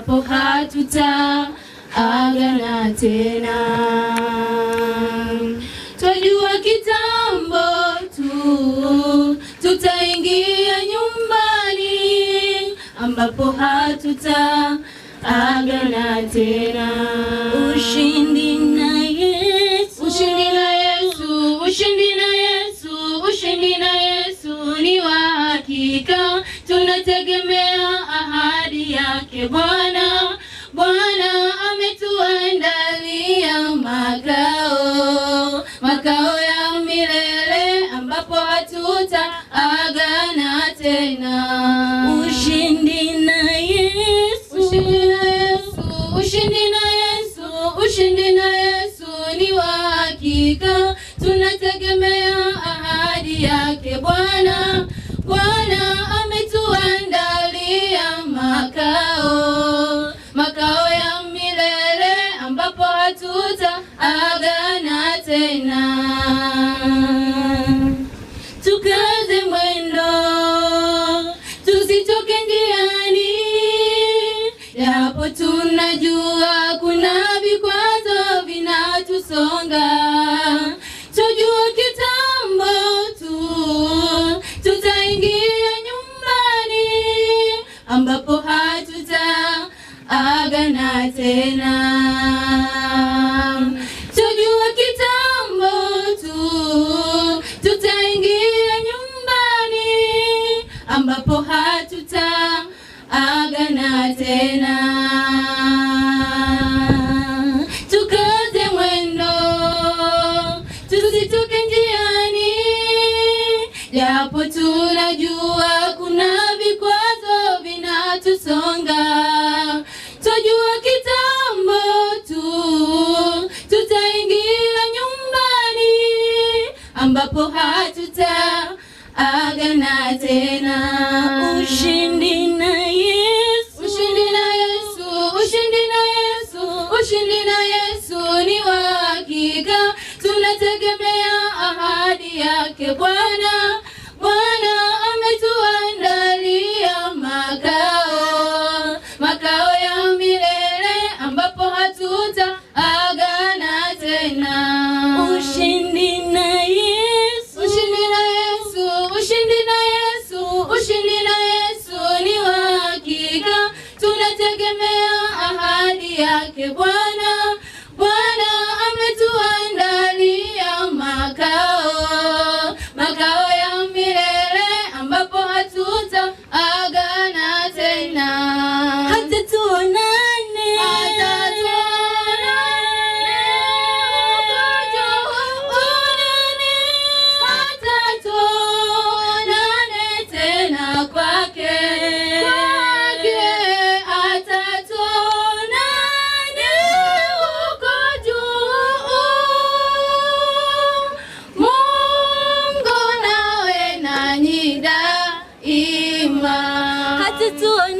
hapo hatutaagana tena. Twajua kitambo tu tutaingia nyumbani ambapo hatutaagana tena. Ushindi na Yesu, ushindi na Yesu, ushindi na Yesu, ushindi na Yesu ni wa hakika, tunategemea ahadi yake Bwana. Bwana ametuandalia makao, makao ya milele ambapo hatuta agana tena. Ushindi na Yesu, ushindi na Yesu, ushindi na Yesu, ushindi na Yesu ni wa hakika, tunategemea ahadi yake Bwana. Bwana ame ambapo hatutaagana tena. Tujua kitambo tu tutaingia nyumbani ambapo hatutaagana tena. tusonga, twajua kitambo tu tutaingia nyumbani ambapo agana tena. Ushindi na Yesu, ushindi na Yesu, ushindi na Yesu, ushindi na Yesu ni wa hakika, tunategemea ahadi yake Bwana. qué buena 做。